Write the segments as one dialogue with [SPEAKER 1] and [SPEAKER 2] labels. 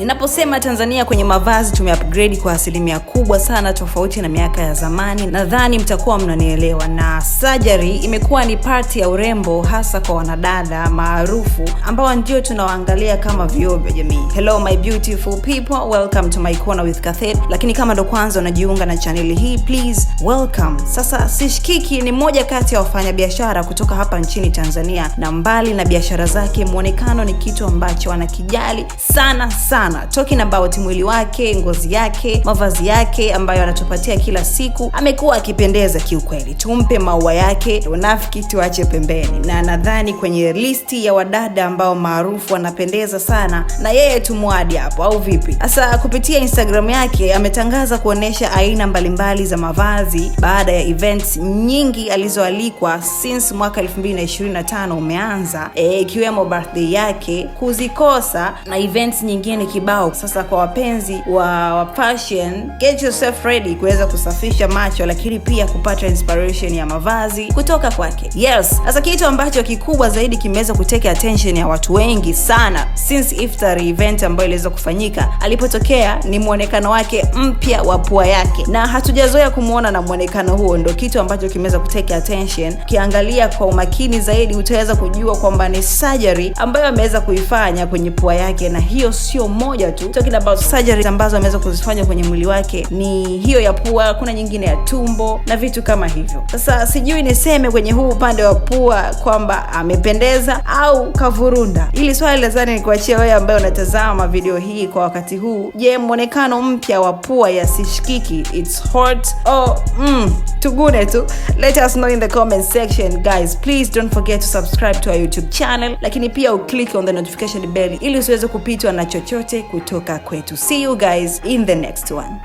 [SPEAKER 1] Ninaposema Tanzania kwenye mavazi tumeupgrade kwa asilimia kubwa sana, tofauti na miaka ya zamani. Nadhani mtakuwa mnanielewa, na sajari imekuwa ni parti ya urembo, hasa kwa wanadada maarufu ambao ndio tunawaangalia kama vioo vya jamii. Hello my beautiful people, welcome to my corner with Cathed. Lakini kama ndo kwanza unajiunga na chaneli hii, please welcome. Sasa Sishkiki ni mmoja kati ya wafanyabiashara kutoka hapa nchini Tanzania, na mbali na biashara zake, mwonekano ni kitu ambacho anakijali sana sana sana, talking about mwili wake, ngozi yake, mavazi yake ambayo anatupatia kila siku. Amekuwa akipendeza kiukweli, tumpe maua yake, unafiki tuache pembeni. Na nadhani kwenye listi ya wadada ambao maarufu wanapendeza sana, na yeye tumwadi hapo, au vipi? Sasa kupitia Instagram yake ametangaza kuonesha aina mbalimbali za mavazi baada ya events nyingi alizoalikwa since mwaka 2025 umeanza, eh, ikiwemo e, birthday yake kuzikosa na events nyingine kibao. Sasa kwa wapenzi wa, fashion, get yourself ready kuweza kusafisha macho, lakini pia kupata inspiration ya mavazi kutoka kwake. Yes, sasa kitu ambacho kikubwa zaidi kimeweza kuteka attention ya watu wengi sana since iftari event ambayo iliweza kufanyika, alipotokea ni mwonekano wake mpya wa pua yake, na hatujazoea kumwona na mwonekano huo, ndo kitu ambacho kimeweza kuteka attention. Ukiangalia kwa umakini zaidi utaweza kujua kwamba ni surgery ambayo ameweza kuifanya kwenye pua yake, na hiyo sio moja tu talking about surgery ambazo ameweza kuzifanya kwenye mwili wake ni hiyo ya pua, kuna nyingine ya tumbo na vitu kama hivyo. Sasa sijui niseme kwenye huu upande wa pua kwamba amependeza au kavurunda. Hili swali lazani kuachia wewe ambaye unatazama video hii kwa wakati huu. Je, mwonekano mpya wa pua ya Sishikiki it's hot oh, mm, tugune tu. Let us know in the comment section guys, please don't forget to subscribe to our YouTube channel, lakini pia uclick on the notification bell ili usiweze kupitwa na chochote yote kutoka kwetu. See you guys in the next one.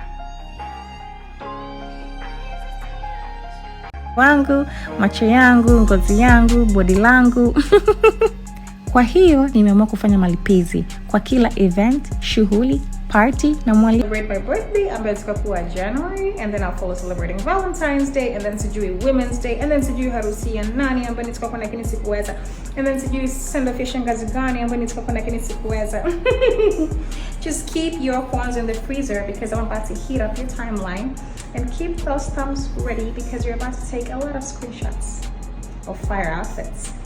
[SPEAKER 2] wangu macho yangu ngozi yangu bodi langu. Kwa hiyo nimeamua kufanya malipizi kwa kila event, shughuli party na mwalimu.
[SPEAKER 3] Celebrate my birthday ambayo tutakuwa January and then I'll follow celebrating Valentine's Day and then sijui Women's Day and then sijui harusi ya nani ambayo nitakuwa lakini sikuweza and then sijui send off to gani ambayo nitakuwa lakini sikuweza. Just keep your phones in the freezer because I'm about to heat up your timeline and keep those thumbs ready because you're about to take a lot of screenshots of fire outfits.